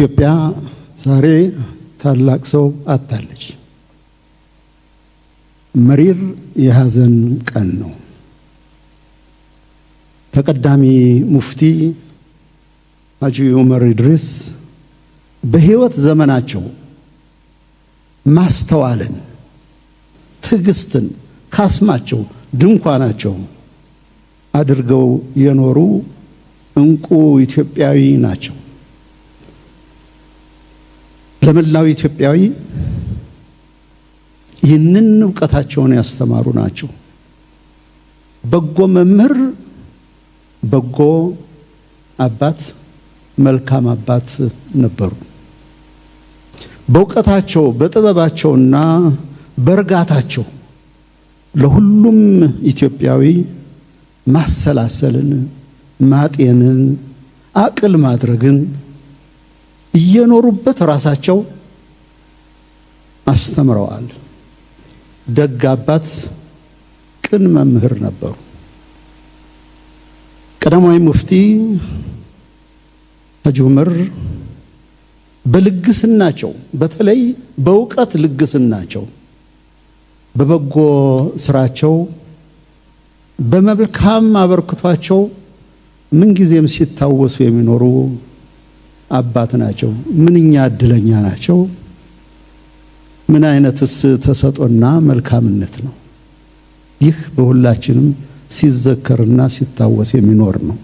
ኢትዮጵያ ዛሬ ታላቅ ሰው አጣለች። መሪር የሐዘን ቀን ነው። ተቀዳሚ ሙፍቲ ሐጂ ዑመር ኢድሪስ በሕይወት ዘመናቸው ማስተዋልን፣ ትዕግስትን ካስማቸው ድንኳናቸው አድርገው የኖሩ እንቁ ኢትዮጵያዊ ናቸው። ለመላው ኢትዮጵያዊ ይህንን እውቀታቸውን ያስተማሩ ናቸው። በጎ መምህር፣ በጎ አባት፣ መልካም አባት ነበሩ። በእውቀታቸው በጥበባቸውና በእርጋታቸው ለሁሉም ኢትዮጵያዊ ማሰላሰልን፣ ማጤንን፣ አቅል ማድረግን እየኖሩበት ራሳቸው አስተምረዋል። ደግ አባት፣ ቅን መምህር ነበሩ። ቀዳማዊ ሙፍቲ ሐጂ ዑመር በልግስናቸው በተለይ በእውቀት ልግስናቸው፣ በበጎ ስራቸው፣ በመልካም አበርክቷቸው ምንጊዜም ሲታወሱ የሚኖሩ አባት ናቸው። ምንኛ እድለኛ ናቸው! ምን አይነትስ ተሰጦና መልካምነት ነው! ይህ በሁላችንም ሲዘከርና ሲታወስ የሚኖር ነው።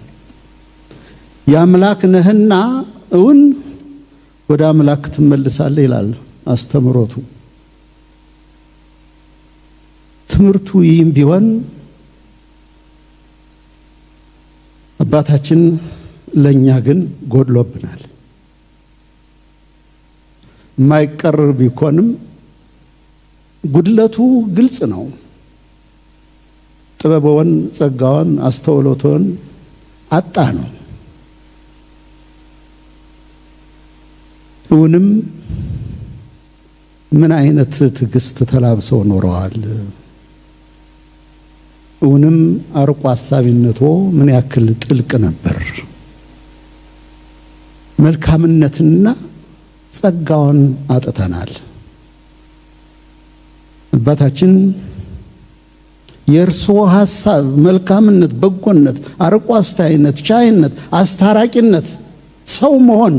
የአምላክ ነህና እውን ወደ አምላክ ትመልሳለህ ይላል አስተምሮቱ። ትምህርቱ ይህም ቢሆን አባታችን ለእኛ ግን ጎድሎብናል። የማይቀር ቢኮንም ጉድለቱ ግልጽ ነው። ጥበቦን፣ ጸጋውን፣ አስተውሎቶን አጣ ነው። እውንም ምን አይነት ትዕግስት ተላብሰው ኖረዋል? እውንም አርቆ ሀሳቢነቶ ምን ያክል ጥልቅ ነበር? መልካምነትና ጸጋውን አጥተናል። አባታችን የእርስዎ ሐሳብ፣ መልካምነት፣ በጎነት፣ አርቆ አስተያይነት፣ ቻይነት፣ አስታራቂነት፣ ሰው መሆን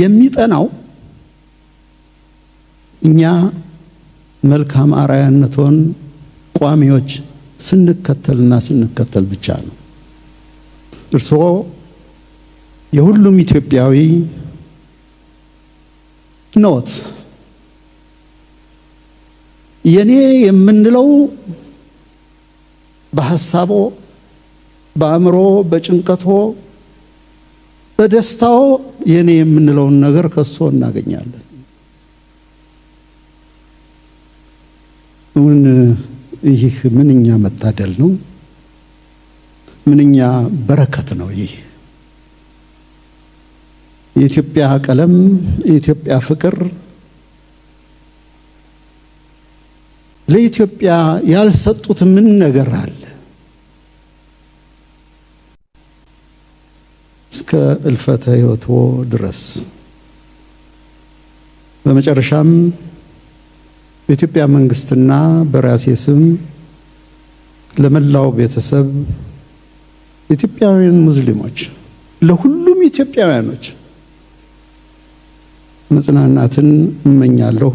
የሚጠናው እኛ መልካም አርአያነቶን ቋሚዎች ስንከተልና ስንከተል ብቻ ነው። እርስዎ የሁሉም ኢትዮጵያዊ ኖት። የኔ የምንለው በሐሳቦ፣ በአእምሮ፣ በጭንቀቶ፣ በደስታዎ የኔ የምንለውን ነገር ከሶ እናገኛለን። እውን ይህ ምንኛ መታደል ነው! ምንኛ በረከት ነው ይህ የኢትዮጵያ ቀለም፣ የኢትዮጵያ ፍቅር ለኢትዮጵያ ያልሰጡት ምን ነገር አለ? እስከ እልፈተ ሕይወትዎ ድረስ። በመጨረሻም በኢትዮጵያ መንግስትና በራሴ ስም ለመላው ቤተሰብ ኢትዮጵያውያን ሙስሊሞች፣ ለሁሉም ኢትዮጵያውያኖች መጽናናትን እመኛለሁ።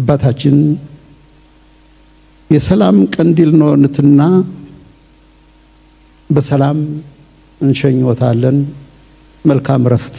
አባታችን የሰላም ቀንዲል ነውና በሰላም እንሸኝዎታለን። መልካም እረፍት።